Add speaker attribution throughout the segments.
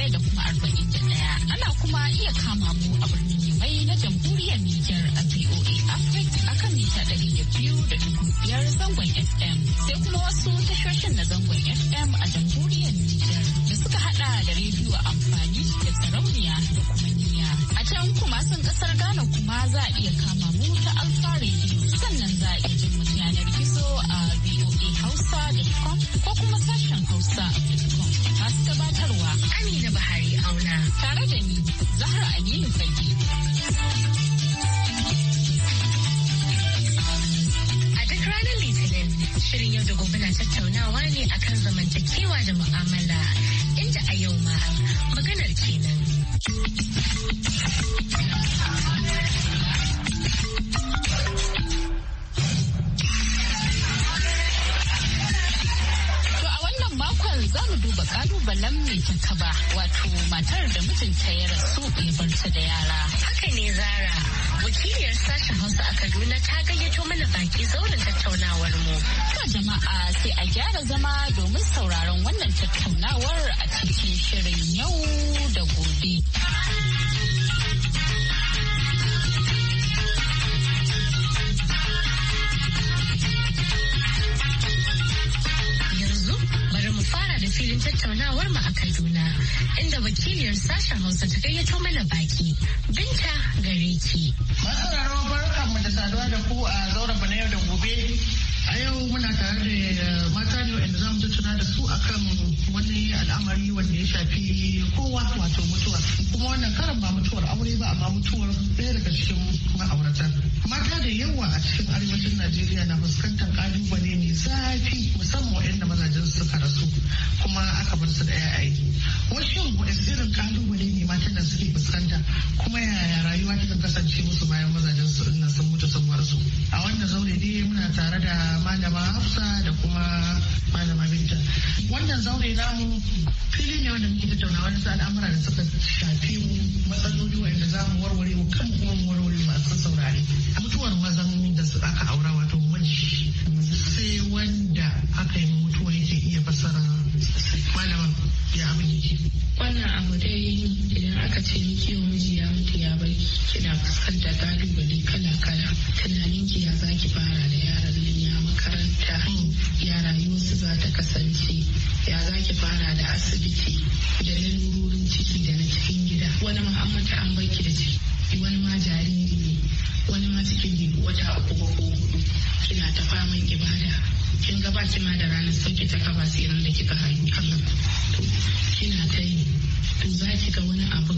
Speaker 1: ɗaya da kuma arba'in da ɗaya. Ana kuma iya kama mu a birnin Yamai na jamhuriyar Nijar a VOA Africa a kan mita ɗari da biyu da dubu biyar zangon FM. Sai kuma wasu tashoshin na zangon FM a jamhuriyar Nijar da suka haɗa da rediyo amfani da sarauniya da kuma niya. A can kuma sun ƙasar Ghana kuma za a iya kama mu ta Alfa Radio sannan za a iya jin yanar gizo a voahausa.com ko kuma sashen Hausa. Masu gabatarwa Amina Buhari auna. Tare da ni Zahra Aminu Fage. A duk ranar Litinin shirin yau da gobe na tattaunawa ne akan zamantakewa da mu'amala inda a yau ma maganar kenan. za mu duba kalubalen mai ta ba wato matar da mutunta ya rasu ya bar ta da yara. Haka ne Zara, wakiliyar sashen Hausa a Kaduna ta gayyato mana baki zauren tattaunawar mu. To jama'a sai a gyara zama domin sauraron wannan tattaunawar a cikin shirin yau da gobe. tattaunawar mu a Kaduna inda wakiliyar sashen Hausa ta gayyato mana
Speaker 2: baki Binta gare ki. Masauraro barkar mu da saduwa da ku a zauren na yau da gobe. A yau muna tare da eh, mata ne wanda za mu tattauna da su akan wani al'amari wanda ya shafi kowa wato mutuwa. Kuma wannan karan ba mutuwar aure ba amma mutuwar ɗaya daga cikin ma'auratan. mata da yawa a cikin arewacin najeriya na fuskantar kalubale mai zafi musamman waɗanda mazajen suka rasu kuma aka bar su da aiki wasu irin kalubale ne matan da suke fuskanta kuma yaya rayuwa ta kasance musu bayan mazajen su sun mutu sun bar su a wannan zaure dai muna tare da malama hafsa da kuma malama zaure zaure mu fili ne wanda muke tattauna wani al'amura da suka shafi mu matsaloli wanda za mu warware mu kan kuma mu warware masu saurare mutuwar mazan da su aka aura wato maji sai wanda aka yi mutuwa yake iya fasara malaman ya abin wannan abu dai idan aka ce miki miji ya mutu ya bar kina fuskantar kalubale kala kala tunanin ki ya zaki fara da yaran nan ya makaranta ya rayuwarsu za ta kasance ya zaki fara da asibiti da lalurorin ciki da na cikin gida wani ta an baki da ciki wani ma jariri ne wani ma cikin ne wata uku ba ko hudu kina ta fama ibada kin ga ba ma da ranar sauke ta kaba tsirin da kika haihu Allah to kina ta yi to za ki ga wani abu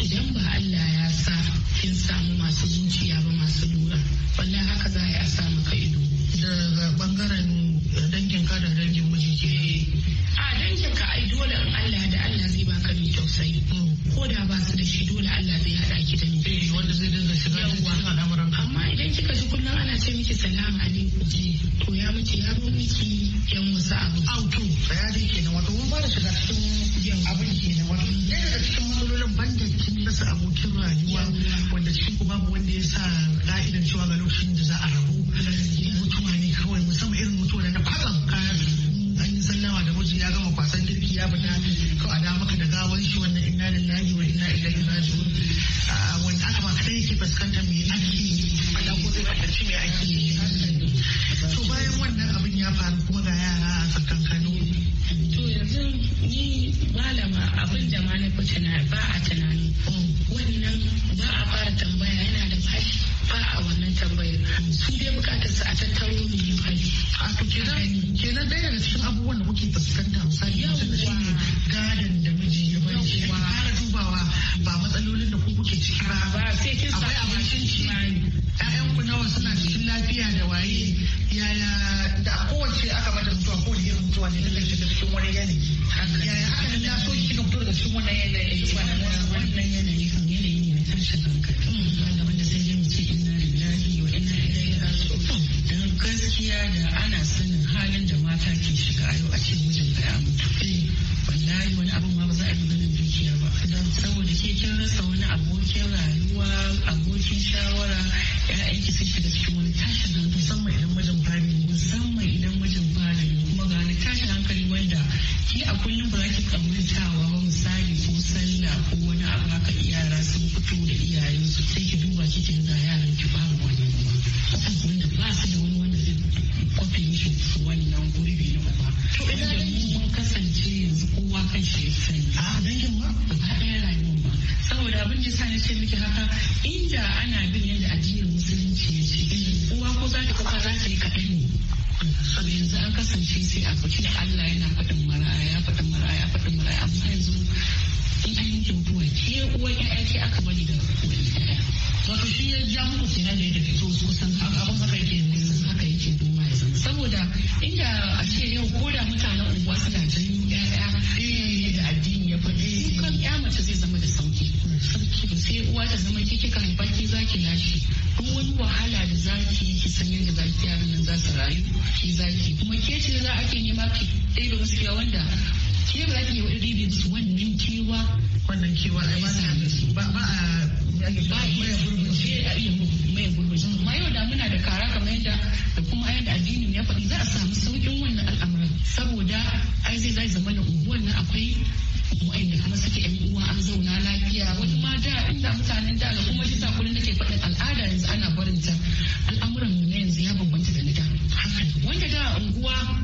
Speaker 2: idan ba Allah ya sa kin samu masu zuciya ba masu lura wallahi haka za a yi a samu Gracias. wannan tambayar su dai bukatar su a tattaro ne yi fari a to kenan kenan daya daga cikin abubuwan da kuke fuskanta misali yanzu shi ne gadon da miji ya bari shi ake fara dubawa ba matsalolin da ku kuke ciki ba ba sai kin sa akwai abincin ci ku nawa suna cikin lafiya da waye yaya da kowace aka bada mutuwa ko da mutuwa ne daga shiga cikin wani yanayi yaya aka nan so ki kika fito daga cikin wannan yanayi wannan yanayi kan yanayi ne na tashin hankali hmm. gaskiya da ana sanin halin da mata ke shiga yau a ce mijin ka ya mutu eh, wallahi wani abu ma ba za a yi ganin dukiya ba don saboda ke kin rasa wani abokin rayuwa abokin shawara ya'yanki sun shiga cikin wani tashin hankali musamman idan mijin ba musamman idan mijin ba kuma ga wani tashin hankali wanda ki a kullum ba ki kamantawa ba misali ko sallah ko wani abu haka yara sun fito da iyayensu sai ki duba kike ga yaran ki babu wani akan da ba wani wanda zai kwafe a dangin ma gaba ɗaya saboda abin yasa na ce miki haka inda ana bin yadda addinin musulunci ya uwa ko yi kaɗan ne saboda kasance sai a faɗi Allah yana maraya faɗin maraya maraya yanzu ke ake aka bari da wato shi ya ja muku kenan da ya tafi to kusan abin haka yake kusan haka yake duma ya zama saboda inda a ce yau ko da mutanen unguwa suna janyo ƴaƴa eh, da addini ya faɗi kan ƴa mace zai zama da sauki sarki sai uwa ta zama ke kika haifa ki zaki lashe duk wani wahala da zaki yi ki san yadda zaki yaran nan za su rayu ki zaki kuma ke ce za ake nema ki ɗaya gaskiya wanda ke ba za ki yi wa ɗaya musu wannan kewa wannan kewa a yi ba a ba iya gurbince a iya yau da muna da kara kamar yadda da kuma yadda addinin ya faɗi za samu sauƙin wannan al'amuran saboda ai zai zai zama da unguwan nan akwai wa'anda kuma suke yan uwa an zauna lafiya wani ma da inda mutanen da kuma shi sa kullum nake faɗin al'ada yanzu ana barinta al'amuran mu na yanzu ya bambanta da na da wanda da unguwa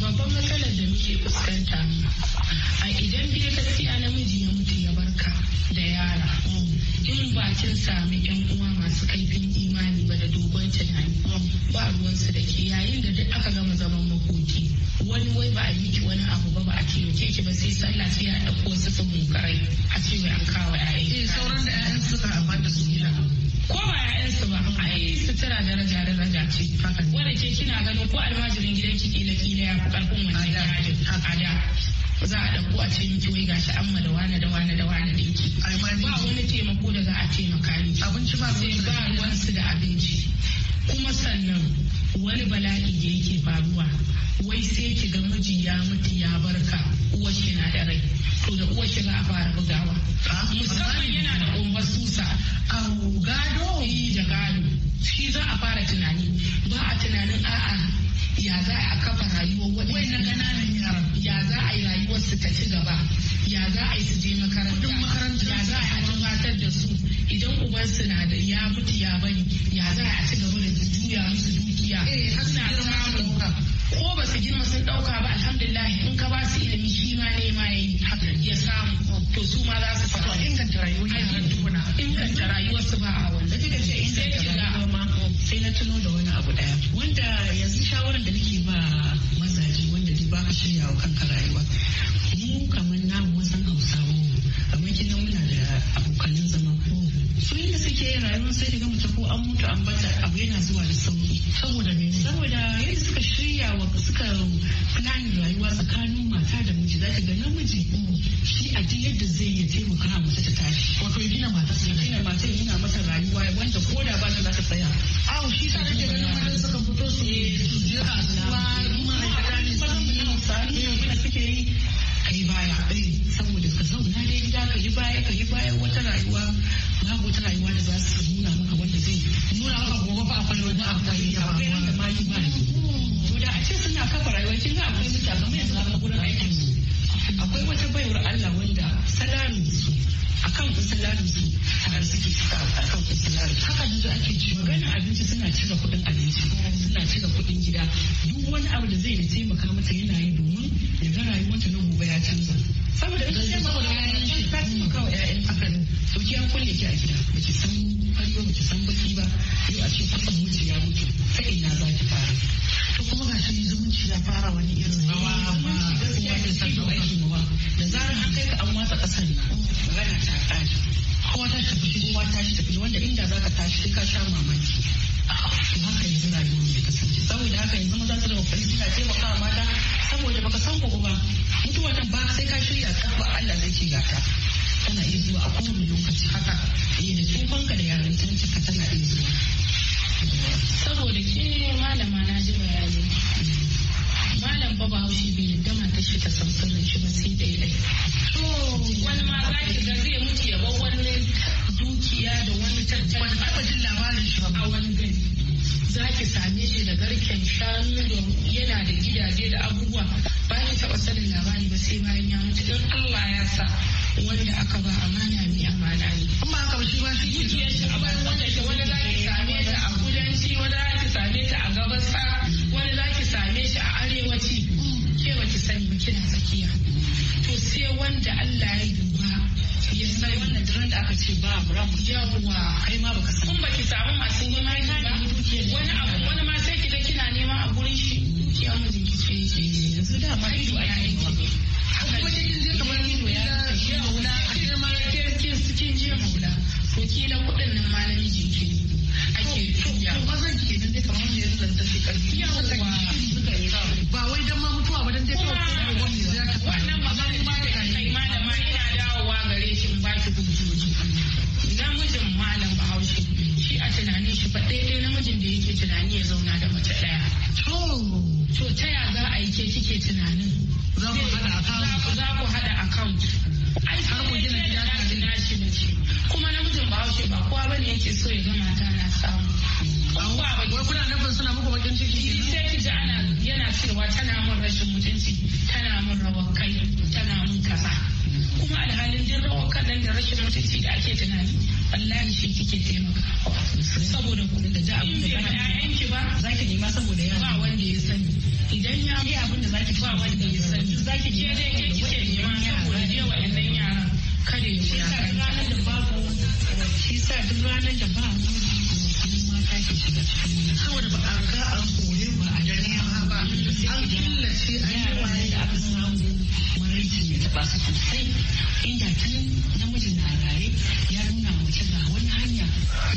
Speaker 2: babban matsalar da muke fuskanta a idan bai gaskiya namiji ya mutu ya barka da yara in ba kin sami yan uwa masu kaifin imani ba da dogon tunani ba ruwansu da ke yayin da duk aka gama zaman makoki wani wai ba a miki wani abu ba ba a taimake ki ba sai sallah sai ya ɗauko wasu sun munkarai a ce wai an kawo 'ya'yan eh, sauran da 'ya'yan suka su gida ko ba ƴaƴansu ba ai sutura daraja daraja ce wanda ke kina gano ko almajirin gidan ki kila kila ya fi karfin wannan yajin da za a ɗauko a ce miki wai gashi amma da wane da wane da wane da yake ba wani taimako da za a taimaka ni abinci ba sai ba ruwansu da abinci kuma sannan wani bala'i da yake faruwa wai sai ki ga miji ya mutu ya barka ka shi na da rai to da uwar za a fara bugawa musamman yana da kumbar susa a gado yi da gado shi za a fara tunani ba a tunanin a'a ya za a kafa rayuwar wani ƙananan yaran ya za a yi rayuwar su ta ci gaba ya za a yi su je makaranta ya za a yi da su idan uban suna da ya mutu ya bari ya za a ci gaba da juya musu dukiya eh, suna samu ko ba su gina sun dauka ba alhamdulillah in ka ba su ilimi shi ma ne ma yayi ya samu to su ma za su samu inganta rayuwar yaran tukuna inganta rayuwar su ba a wanda kika ce inganta rayuwar ma sai na tuno da wani abu daya wanda yanzu shawaran da nake ba mazaje wanda dai baka shirya wa kanka rayuwa mu kamar namu wasan hausawa kamar kina muna da abokanin zama su yadda suke yin rayuwar sai daga mace ko an mutu an bata abu yana zuwa da sauki saboda me saboda yadda suka shirya wa suka plan rayuwa tsakanin mata da miji zaka ga namiji shi a duk yadda zai yi taimaka mata ta tashi wato gina mata su gina mata yana mata rayuwa wanda ko da ba ta za ta tsaya awo shi sa nake ganin mata suka fito su eh, je kasuwa kuma a suke yi ka yi baya eh. saboda ka zauna dai gida ka yi baya ka yi baya wata rayuwa babu wata rayuwa da za su nuna maka wanda zai nuna maka gobe ba akwai wani abu ta yi ya akwai ran da ma yi ba to da a ce suna kafa rayuwa kin ga akwai mutane kamar yanzu haka gurin aikin su akwai wata baiwar Allah wanda salamin su akan kusullarin su har suke akan kusullarin haka da ake ci magana abinci suna cire kuɗin abinci suna cika kuɗin gida duk wani abu da zai taimaka mata yana yi domin ya ga rayuwarta na gobe ya canza saboda ita ce saboda ƴaƴan ta ci kawo ƴaƴan haka ne so an kulle ki a gida ba ki san har yau ba ki san baki ba yau a ce kuɗin miji ya mutu ta ina za ki fara to kuma ga shi zumunci ya fara wani irin rawa ma gaskiya da san da aiki da zarar an kai ka an watsa ƙasar nan rana ta ƙare kowa ta tafi kowa ta shi tafi wanda inda za ka tashi sai ka sha mamaki haka yanzu ya kasance saboda haka da kokari suna taimakawa mata saboda baka san ba mutuwa nan ba sai ka shirya tsaba Allah zai ce gata tana a kowane lokaci haka eh, da saboda malama na ji bayani malam shi ta shi ba sai wani ki ga zai mutu ya dukiya da wani tattalin. ba. A wani za ki same shi da garken shanu yana da gidaje da abubuwa ba ni taɓa sanin labari ba sai bayan ya mutu don Allah ya sa wanda aka ba amana mai amana ne. Amma aka ba shi ba shi dukiyar shi a bayan wanda shi wani za ki same ta a kudanci wani za ki same ta a gabasa wani za ki same shi a arewaci ke ba ki sani ba kina tsakiya. To sai wanda Allah ya duba sai wannan duran da aka ce ba ram yawa kai ma baka san kun baki samu masu neman ki wani abu wani ma sai kiga kina nema a gurin shi dukiya mu jinki ce ce yanzu da ma ido a yayin ki akwai wani zai kamar ya ya wula a cikin ma ke cikin je wula to kila kudin nan ma na mijinki ake tuya ba zan ke nan dai kamar yanzu zan tafi karfi yawa ba wai dan ma mutuwa ba dan dai kawai wannan ba. kike tunani ya zauna da mace ɗaya. To ta ya za a yi ke kike tunanin? Za ku haɗa account. Za Ai har ku gina gida ta gina shi ce. Kuma namijin bahaushe ba kowa bane yake so ya ga mata na samu. Wai kuna nufin suna muku bakin ciki? Sai ki ji ana yana cewa tana mun rashin mutunci, tana mun rawar kai, tana mun kaza. kuma alhalin jin rawar kaɗan da rashin mutunci da ake tunani Allah shi kike taimaka saboda kuɗin da ja abin da ba ƴaƴan ki ba za ki nema saboda ya ba wanda ya sani idan ya yi abin da za ki ba wanda ya sani za ki je dai ke kike nema saboda je wa'annan yaran kada ya kula sa ranar da babu shi sa duk ranar da ba mu mata ke shiga saboda ba a ga an kore ba a dare ba an killace an yi waye da aka samu ne ta ba su sosai inda tun namiji na raye ya nuna mace ga wani hanya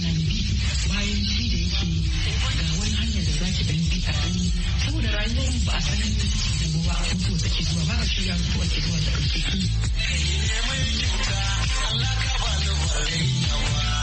Speaker 2: na bi bayan shi da yake ga wani hanyar da zaki dan bi a dan saboda rayuwar ba a san da ba a mutu take zuwa ba a shirya mutu ake zuwa da ƙarfi. Allah ka ba da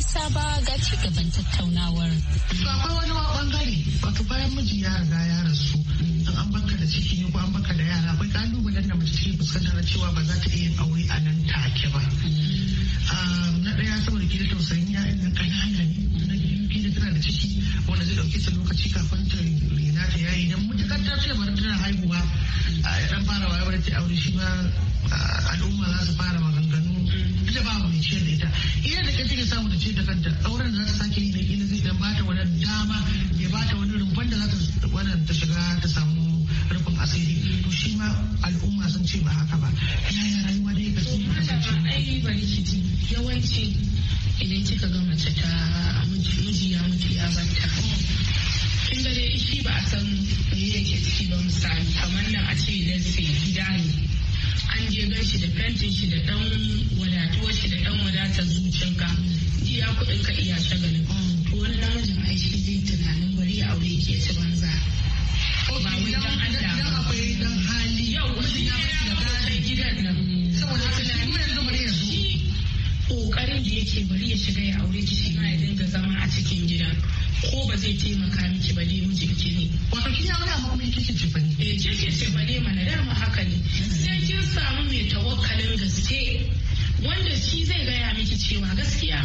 Speaker 1: Isa ba ga ci gaban tattaunawar.
Speaker 2: Akwai wani bangare wato bayan miji ya riga ya rasu in an baka da ciki ko an baka da yara akwai kalubalen da mace take fuskantar cewa ba za ta iya yin aure a nan take ba. Mm. Ah, na ɗaya saboda ke da tausayin ya'yan nan ƙanana ne na biyu tana da ciki wanda zai ɗauke ta lokaci kafin ta rena ta yayi dan mutakar ta ce bari tana haihuwa a ɗan fara wayar ta aure shi ba ah, al'umma za su fara maganganu da ba mai ce da ita ina da kace ka samu da ce da kanta auren za ta sake yi da ina zai dan bata wani dama ya bata wani rumfan da za ta wannan ta shiga ta samu rufin asiri to shi ma al'umma sun ce ba haka ba yaya rayuwa dai ka sun kasance ai bari kiti yawanci idan kika ga mace ta miji ya mutu ya banta. kin ga dai shi ba a san me yake ciki ba misali kamar nan a ce idan sai an je gan shi da fentin shi da dan wadatuwar shi da dan wadatar zuciyarka jiya kuɗin ka iya shagalin to wani namijin ai shi zai tunanin bari aure ke ci banza ba kokarin da yake bari ya shiga ya aure ki shi ma ya dinga zama a cikin gida ko ba zai taimaka miki ba dai ki ne wato kina wani amma kuma kike ci bane eh ki ce bane mana dama haka ne sai kin samu mai tawakkalin gaske wanda shi zai gaya miki cewa gaskiya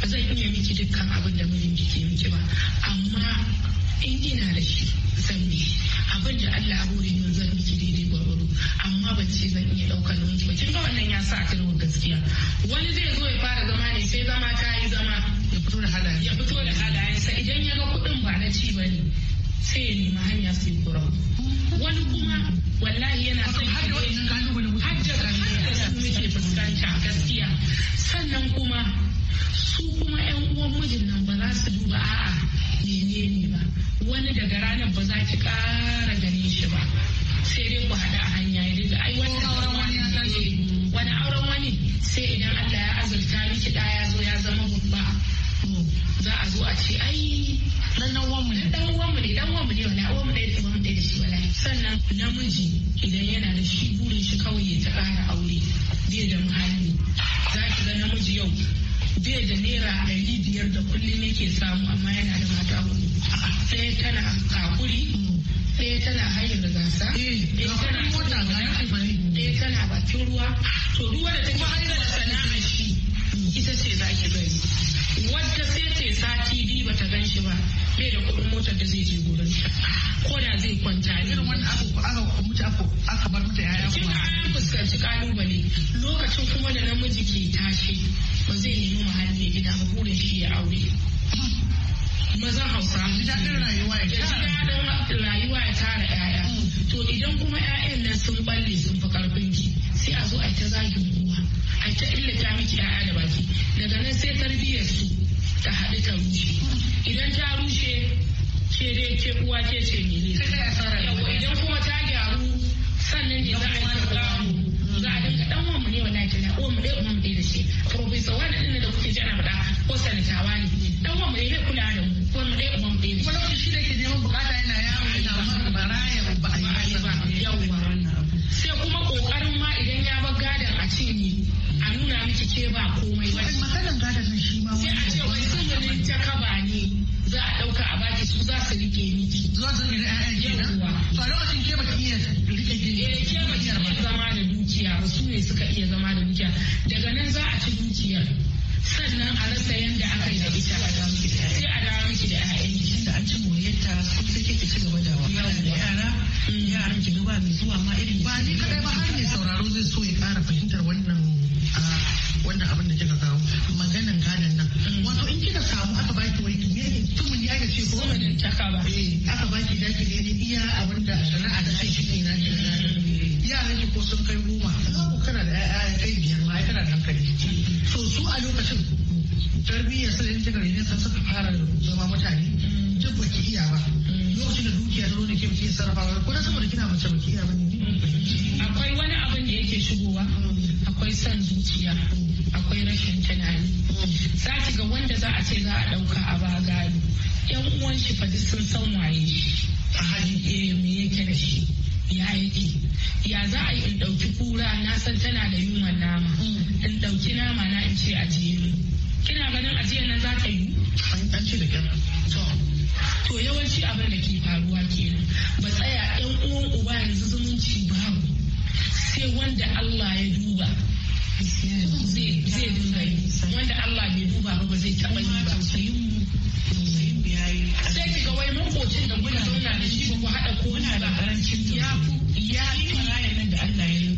Speaker 2: ba zan iya miki dukkan abin da mijinki ke miki ba amma in ina da shi zan bi abin da Allah hore ni zan miki daidai gwargwado amma ban ce zan iya ɗaukar nauyi ba kin ga wannan ya sa a tarwar gaskiya wani zai zo ya fara zama ne sai zama ta yi zama ya fito da halayen ya fito da sai idan ya ga kuɗin ba na ci ba ne sai ya nemi hanya su yi kura wani kuma wallahi yana son har da wani kalubale har da su muke fuskanta gaskiya sannan kuma su kuma yan uwan mijin nan ba za su duba a'a menene ba wani daga ranar ba za ki ƙara ganin shi ba sai dai ku haɗa a hanya ya dinga ai wani auren wani wani auren wani sai idan Allah ya azurta miki ɗa ya zo ya zama babba hmm. za a zo a ce ai dan dan uwan ne dan uwan ne dan uwan ne wala uwan mu da yake da shi wala sannan namiji idan yana da shi burin shi kawai ya ta ƙara aure bai da muhalli za ki ga namiji yau bai da naira ɗari biyar da kullum yake samu amma yana da mata hudu sai tana kakuri ɗaya tana hanyar gasa eh, ɗaya tana bakin ruwa to ruwa da take hanyar sana'a shi ita ce za ki gani wadda sai ce sati biyu bata gan shi ba bai da kuɗin motar da zai je gurin ko da zai kwanta irin wani abu aka mutu aka bar mata yaya kuma ya fuskanci kalubale lokacin kuma da namiji ke tashi ba zai nemi muhalli ya gida ba burin shi ya aure maza hausa ji daɗin rayuwa ya daɗin rayuwa ya tara ƴaƴa to idan kuma ƴaƴan nan sun balle sun fi karfin ki sai a zo a ta zagin uwa a ta illata miki ƴaƴa da baki daga nan sai tarbiyyar su ta haɗu ta rushe idan ta rushe ke dai ke uwa ke ce ne idan kuma ta gyaru sannan ne za a yi za a dinga ɗan wa mu na uwan mu dai uwan mu da shi professor wani da kuke ji ana faɗa ko sanitawa ne dan uwan mu dai kula da mu uwan mu nan a rasa yadda aka yi da ita a tarbiyyar sai da kika rene sai suka fara zama mutane duk ba ki iya ba lokacin da dukiya ta zo ne ke ki sarrafa ba ko da saboda kina mace ba ki iya ba ne akwai wani abin da yake shigowa akwai son zuciya akwai rashin tunani za ki ga wanda za a ce za a ɗauka a ba gado yan uwan shi fa duk sun san waye shi a hali eh, me yake da shi ya yake ya za a yi in ɗauki kura na san tana da yunwan nama in ɗauki nama na in ce a jere kina ganin ajiyar nan za ta yi an ce da kyau to yawanci abin da ke faruwa kenan ba tsaya yan uwan uba yanzu zumunci babu sai wanda Allah ya duba zai duba yi wanda Allah bai duba ba zai taɓa yi ba sai ki ga wai makocin da kuna zauna da shi ba ku haɗa ko wani ba ya fi ya fi nan da Allah ya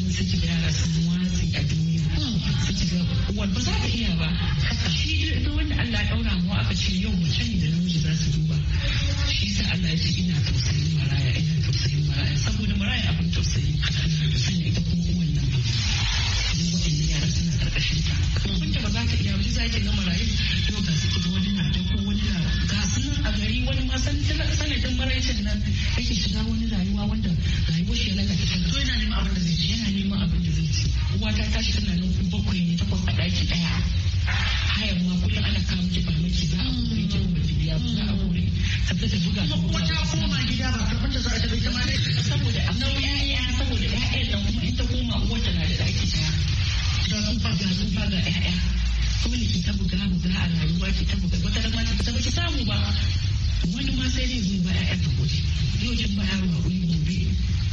Speaker 2: kuma sai yara sun watsi a duniya sai kiga uwar ba za ta iya ba shi da wanda Allah ya daura mu aka ce yau mace da namiji za su duba shi sa Allah ya ce ina tausayi yaro hakuri gobe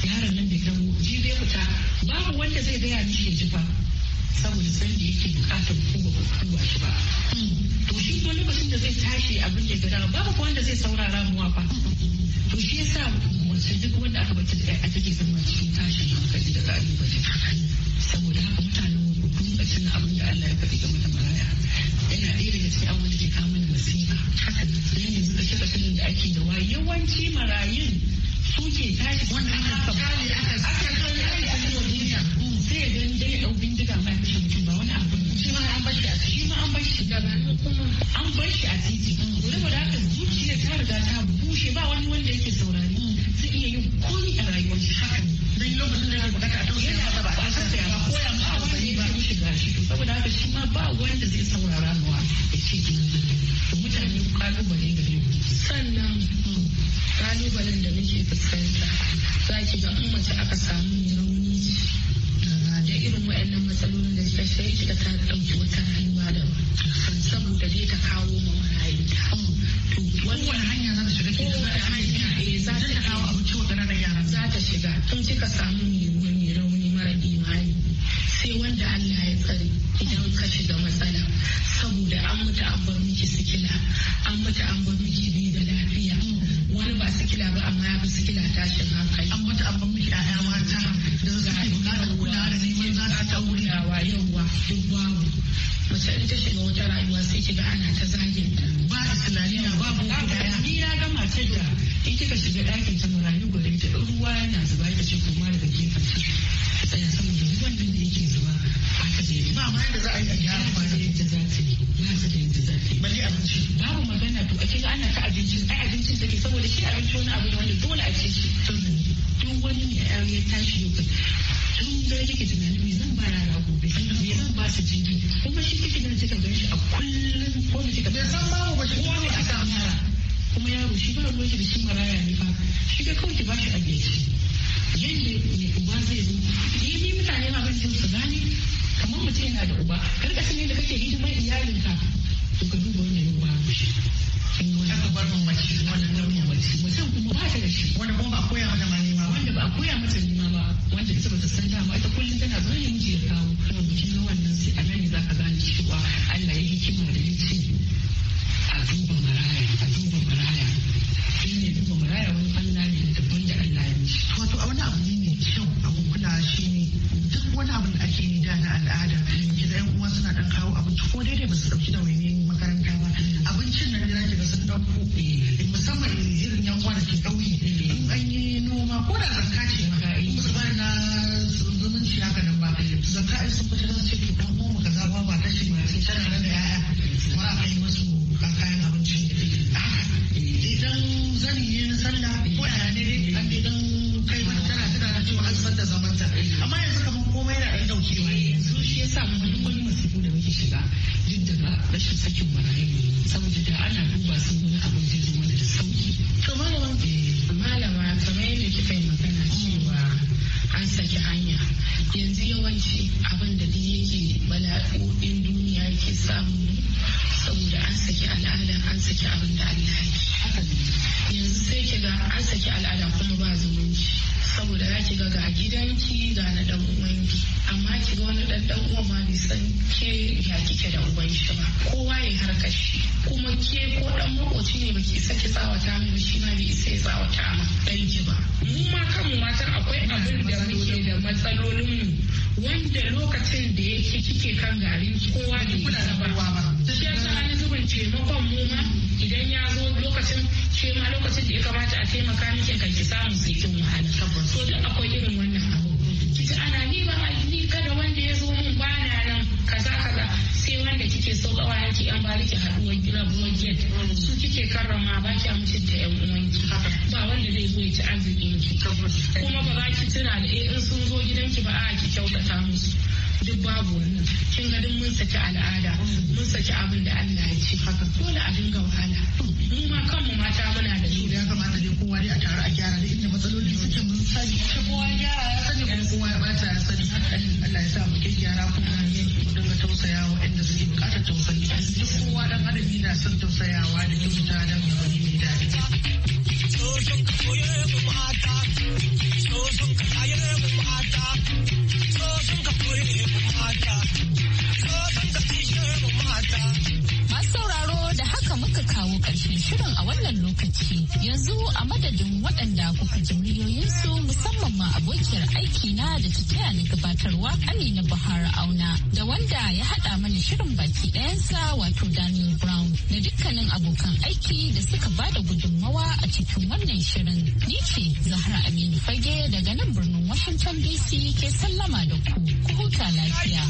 Speaker 2: yaron nan da bai dawo jibe fita babu wanda zai gaya mishi ya ji fa saboda san da yake bukatar kowa kowa shi ba to shi kuma lokacin da zai tashi abin da gada babu wanda zai saurara muwa ba to shi yasa wace duk wanda aka bata da a take zama cikin tashi hankali da kalubale saboda haka mutanen wani ku dinga tuna abin da Allah ya faɗi game da maraya yana ɗaya daga cikin abin da ke kawo mana masifa haka yanzu kashe-kashen da ake da wa yawanci marayun suke tashi wannan aka kare aka aka kare aka kare wa duniya sai ya bindiga wani abu shi ma a ma an an a titi ba ta riga ta bushe ba wani wanda yake saurari zai iya yin komi a shi da ya a tausaya masa ba a tausaya ba a saboda haka shi ma ba wanda zai saurara mawa ya ce mutane kalubale kalubalen da muke fuskanta za ki ga in mace aka samu mai rauni da irin waɗannan matsalolin da suka sai kika ta ɗauki wata rayuwa da saboda dai ta kawo ma marayunta. Mm. To wannan hanya za ta shiga ki da hanya eh za ta kawo abu kyau da ranar yara. Za ta shiga in kika samu mai mai rauni mara imani sai wanda Allah ya tsare idan ka shiga matsala saboda an mutu an bar miki sikila an mutu an bar miki bi da lafiya. wani ba sikila ba amma ya fi sikila tashin hankali an mutu abin mu a yawa ta da za yi bukatar kula da neman za ta ta wuri yawa yawa duk babu mace in ta shiga wata rayuwa sai kiga ana ta zagin ta ba babu kuma ya ni ya ga matar da in kika shiga ɗakin ta marayu gari ta ruwa yana zuba ta ce kuma daga gefen ta tsaya saboda ruwan nan da yake zuba haka ne ba ma yadda za a yi a gyara ba wani abu wanda dole a ce shi duk wani ya tashi yau tun da yake tunanin me zan ba na gobe me zan ba su jibi kuma shi kike nan kika gan shi a kullum ko me kika san ba ba shi ko a aka mara kuma yaro shi ba ruwa shi da shi maraya ne fa shi ka kawai ki ba shi abinci yadda mai uba zai zo ni ni mutane ma ban jin su gane kamar mutum yana da uba karkashin ne da kake hidimar iyalinka to ka duba wannan uba shi aka bar wani kuma ba da shi ba koya mata ma wanda ba a koya mata ba wanda san dama ta kullum tana zuwa ya miji ya kawo to bikin na sai a nan zaka za ka Allah ya hikima da ya a duba maraya a duba maraya ne duba maraya wani da Allah ya wato a wani abu ne mai kyau abu kula shi ne duk wani abu da ake yi da na al'ada idan uwa suna ɗan kawo abinci ko daidai ba su dauki da wani makaranta ba abincin nan da ga sun ɗauko eh. musamman irin yan uwa da ke ɗauyi eh. in an yi noma ko da zaka ce maka in su bari na zumunci haka nan ba eh. zaka in sun fita za su kan goma kaza ba ba tashi ma sai tana nan da yaya ba a kai masu kayan abinci idan zan yi na sallah ko yaya ne dai an dai dan kai wani tana tana da cewa an da zaman ta amma yanzu kamar komai na ɗan ɗaukewa yanzu shi yasa mu duk wani masifu da muke shiga duk daga rashin sakin mu zumunci saboda za ki ga ga gidanki ga na dan uwan naki wani dan dan uwa ma bai san ke ya kike da uban shi ba kowa ya harkar shi kuma ke ko dan makoci ne baki isa ki tsawata min shi ma bai isa ya tsawata ma dan ki ba mu ma kanmu matan akwai abin da muke da matsalolin mu wanda lokacin da yake kike kan garin ki kowa bai isa ba shi sa an zuba taimakon mu ma idan ya zo lokacin ke ma lokacin da ya kamata a taimaka miki kan ki samu sai kin wahala so duk akwai irin wannan abu kita ana ni ba kike so kawayenki yan bariki haduwar rabuwar get su kike karrama ba ki mutunta yan uwanki ba wanda zai zo ya ci arzikin ki kuma ba za ki tuna da eh in sun zo gidanki ba a ki kyautata musu duk babu wannan kin ga duk mun saki al'ada mun saki abin da Allah ya ce haka dole a dinga wahala mu
Speaker 3: ma kanmu mata muna da su ya kamata dai
Speaker 2: kowa dai a tare a gyara da inda matsaloli suke mun sani kowa gyara ya sani kuma kowa ya bata ya sani Allah ya sa mu gyara kuma tausayawa inda suke bukatar tausayi duk kowa dan adam yana son tausayawa da ta dan wani mai daɗi.
Speaker 1: da haka muka kawo ƙarshen shirin a wannan lokacin. Yanzu a madadin waɗanda kuka ji su musamman ma abokiyar aikina da ta taya ni gabatarwa Amina buhari Auna da wanda ya haɗa mana shirin baki ɗayansa wato Daniel Brown da dukkanin abokan aiki da suka ba da gudunmawa a cikin wannan shirin. Ni ce Zahra Aminu Fage daga nan birnin Washington DC ke sallama da ku. Ku huta lafiya.